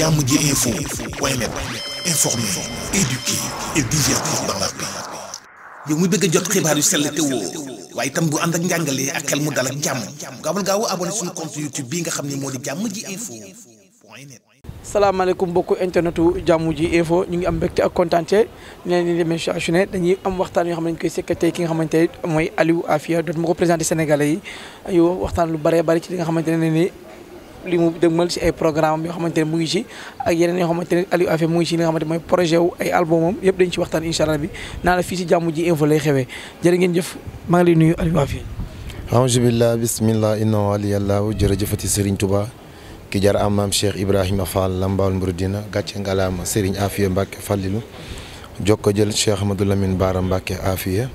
jàmm ji info point net informer, yow mi bëgg a jot xibaar yu sell te woo waaye itam bu ànd ak njàngalee ak xel mu dal ak jàmm gaawal gaaw abonné suñu compte YouTube bi nga xam ni moo di jàmm ji info point net. salaamaaleykum mbokku internetu jàmm ji info ñu ngi am mbégte ak kontante ñu leen su ne dañuy am waxtaan yoo xam ne dañu koy sekk ki nga xamante ne mooy Aliou Afia doot ma ko présenté Sénégalais yi yow waxtaan lu bëree bëri ci li nga xamante ne nii. li mu mal si ay programme yoo xamante ne mu ngi ci ay yeneen yoo xamante ne Aliou Affe mu ngi ci li nga xamante mooy projet wu ay albumam yëpp dañ ci waxtaan incha bi naa fii si jàmm ji info lay xewee jërë ngeen jëf maa ngi lay nuyu Aliou Affe aousubillah bismillah inna waliyallahu jërëjëfati Serigne Touba ki jar am maam Cheikh Ibrahima Fall Lambaal Mouridina gàcce ngalaama Serigne Affiye Mbacke Fallilou jokko jël Cheikh Amadou Lamine Bara Mbacke Affiye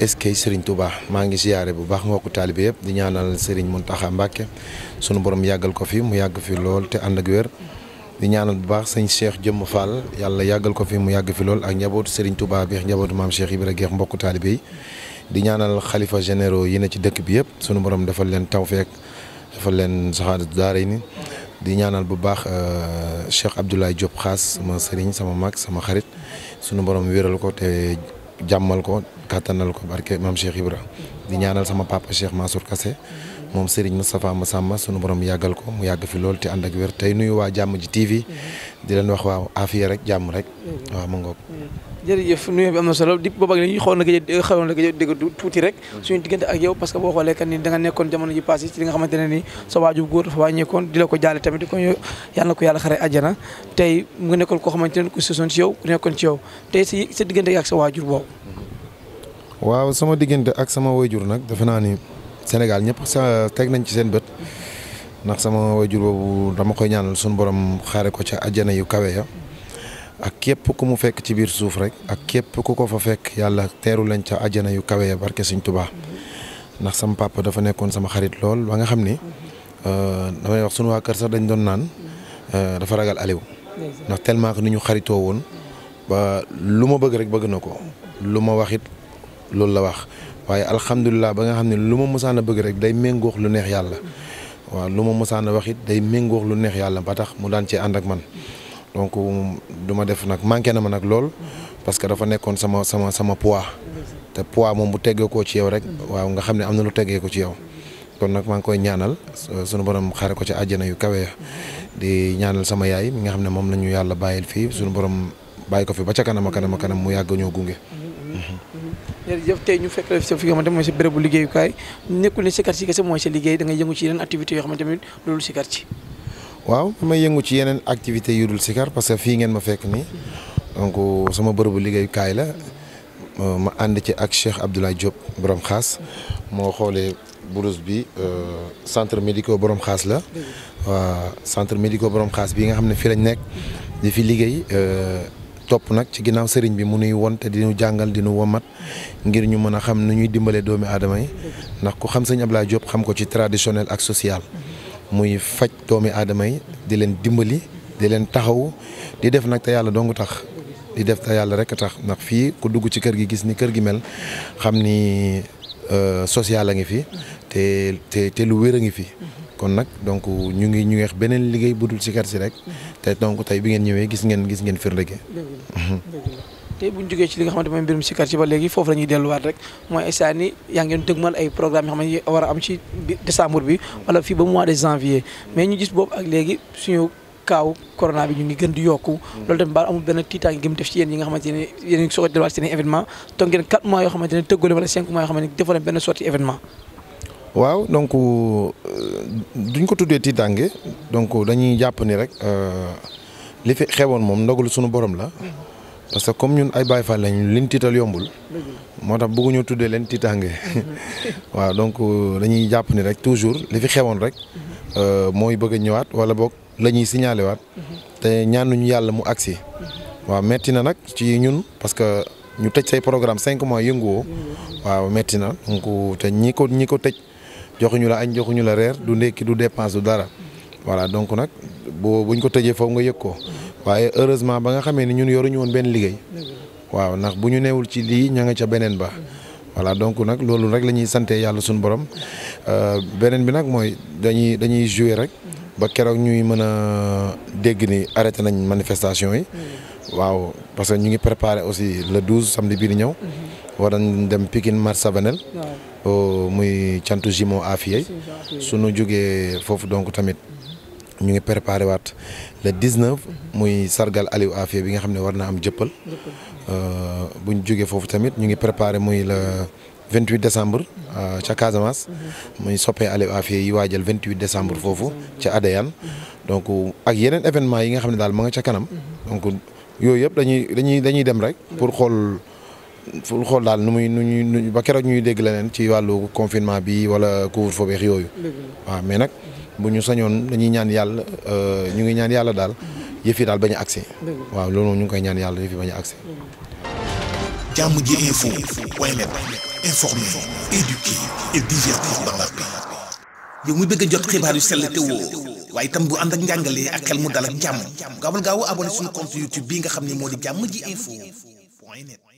est-ce que Serigne Touba maa ngi ziyaare bu baax mbokku taalibe yëpp di ñaanal seriñ Mountakha Mbacké sunu borom yàggal ko fi mu yàgg fi lool te ànd ak wér. di ñaanal bu baax sëñ Cheikh Jëmm Fall yàlla yàggal ko fi mu yàgg fi lool ak njabootu Serigne Touba bi ak njabootu maam Cheikh Ibra Geex mbokku taalibe di ñaanal xalifa généraux yi ne ci dëkk bi yëpp sunu borom defal leen tawfeex defal leen saxaadatu daarayni di ñaanal bu baax euh, Cheikh Abdoulaye Diop Xaas sama Serigne sama mag sama xarit sunu borom wéral ko te. jàmmal ko kàttanal ko barke maam Cheikh Ibra di ñaanal sama papa Cheikh Mansour kase moom Serigne ma sàmma sunu borom yàggal ko mu yàgg fi lool te ànd ak wér tey nuyu waa jàmm ji TV di leen wax waaw afiya rek jàmm rek. Mm-hmm. waaw ma ngoog. Mm-hmm. jërëjëf nuyoo bi am na solo di booba ak dañuy xool nag xawoon nag dégg tuuti rek mm-hmm. suñu diggante ak yow parce que boo xoolee kan ni danga nga nekkoon jamono ji passé ci li nga xamante ne ni sa waajur góor dafa ko jaale tamit kon yàlla na ko yàlla koo xamante ne ku sësoon nekkoon ci yow tey si sa diggante ak sa waajur boobu waaw sama diggante ak sama waajur nag defe naa ni Sénégal ñëpp sa teg nañ ci seen bët ndax sama wayjur boobu dama koy ñaanal suñu borom xaare ko ca àjjana yu kawe ya ak képp ku mu fekk ci biir suuf rek ak képp ku ko fa fekk yàlla teeru lañ ca àjjana yu kawe ya barke Sëñ Tuubaa ndax sama papa dafa nekkoon sama xarit lool ba nga xam ni euh, damay wax suñu waa kër sax dañ doon naan euh, dafa ragal Aliou ndax tellement que ni ñu xaritoo woon ba lu ma bëgg rek bëgg na ko lu ma wax it loolu la wax waaye alhamdulilah ba nga xam ne lu ma mosaan a bëgg rek day méngoox lu neex yàlla waaw lu ma mosaan a wax it day méngoox lu neex yàlla ba tax mu daan ci ànd ak man donc um, duma def nag manqué na ma nag lool parce que dafa nekkoon sama sama sama poids te poids moom bu tegee ko ci yow rek waaw nga xam ne am na lu tegee ko ci yow kon nag maa ngi koy ñaanal sunu borom xare ko ci àjjana yu kawe di ñaanal sama yaay mi nga xam ne moom la ñu yàlla bàyyil fii sunu borom bàyyi ko fi ba ca kanam a kanam kanam mu yàgg ñoo gunge. jërëjëf tey ñu fekk la fi sa fi nga xamante mooy sa bérébu liggéeyukaay nekkul ne si kese mooy sa liggéey da ngay yëngu ci yeneen activités yoo xamante ni loolu sikar ci waaw damay yëngu ci yeneen activités yu dul sikar parce que fii ngeen ma fekk nii donc sama bërëbu liggéeyukaay la ma ànd ci ak Cheikh Abdoulaye Diop borom xaas moo xoolee bourse bi euh, centre médico borom xaas la waa centre médico borom xaas bi nga xam ne fii lañ nekk di fi liggéey euh, topp nag ci ginnaaw sëriñ bi mu nuy won te dinu jàngal dinu womat ngir ñu mën a xam nu ñuy dimbale doomi aadama yi ndax ku xam sëñ Ablaye Diop xam ko ci traditionnel ak social muy faj doomi aadama yi di leen dimbali di leen taxaw di def nag te yàlla dong tax di def te yàlla rek a tax ndax fii ku dugg ci kër gi gis ni kër gi mel xam ni euh, social a ngi fi te te te lu wér a ngi fi kon nag donc ñu ngi ñu weex beneen liggéey bu dul ci sikar si rek mhm. te donc tey bi ngeen ñëwee gis ngeen gis ngeen firnde gi tey bu ñu jógee ci li nga xamante mooy mbirum sikar si ba léegi foofu la ñuy delluwaat rek mooy instant ni yaa ngeen dëgmal ay programme yoo xam ne am ci décembre bi wala fii ba mois de janvier mais ñu gis boobu ak léegi suñu kaaw corona bi ñu ngi gën di yokku mhm. loolu tamit baal amul benn tiitaange gi mu def ci yéen yi nga xamante ne waaw donc euh, duñ ko tuddee tiitange donc dañuy jàpp ni rek euh, li fi xewoon moom ndogalu suñu borom la parce que comme ñun ay Baay Faal lañ liñ tiital yombul moo tax bëgguñu tuddee leen tiitange waaw donc euh, dañuy jàpp ni rek toujours li fi xewoon rek mooy bëgg a ñëwaat wala boog la ñuy signalé waat te ñaanuñu yàlla mu agsi waaw metti na nag ci ñun parce que ñu tëj say programme cinq mois yënguwoo mm. waaw metti na te ñi ko ñi ko tëj joxuñu la añ joxuñu la reer du ndekki du dépense du dara voilà donc nag boo buñ ko tëjee foofu nga yëg ko waaye heureusement ba nga xamee ni ñun yoruñu woon benn liggéey waaw ndax bu ñu neewul ci lii ña nga ca beneen ba voilà donc nag loolu rek la ñuy sante yàlla suñu borom euh, beneen bi nag mooy dañuy dañuy jouer rek ba keroog ñuy mën a dégg ni arrêté nañ manifestation yi mm. waaw parce que ñu ngi préparé aussi le 12 samedi bii di ñëw mm-hmm. war nañ dem Pikine Marsabanel oh, muy cantu jumeau Afia suñu jugee foofu donc tamit mhm. ñu ngi préparer waat le 19 mhm. muy sargal Aliou Afia bi nga xam ne war na am jëppal euh, bu ñu jugee foofu tamit ñu ngi préparé muy le 28 décembre euh, ca Casamance mhm. muy soppe Aliou Afia yi waajal 28 décembre foofu ca Adéane donc ak yeneen événement yi nga xam ne daal ma nga ca kanam donc yooyu yëpp dañuy dañuy dem rek ful xool daal nu muy nu ñuy ba keroog ñuy dégg leneen ci wàllu confinement bi wala couvre-feu yooyu. waa mais nag bu ñu sañoon dañuy ñaan yàlla euh, ñu ngi ñaan yàlla daal yëf daal bañ a agsi. waaw loolu ñu ngi koy ñaan yàlla yëf yi bañ a agsi. jàmm ji info point waaye itam bu ànd ak njàngalee ak xel mu dal ak jàmm gaawal gaaw abonné suñu compte YouTube bii nga xam ne moo di jàmm ji info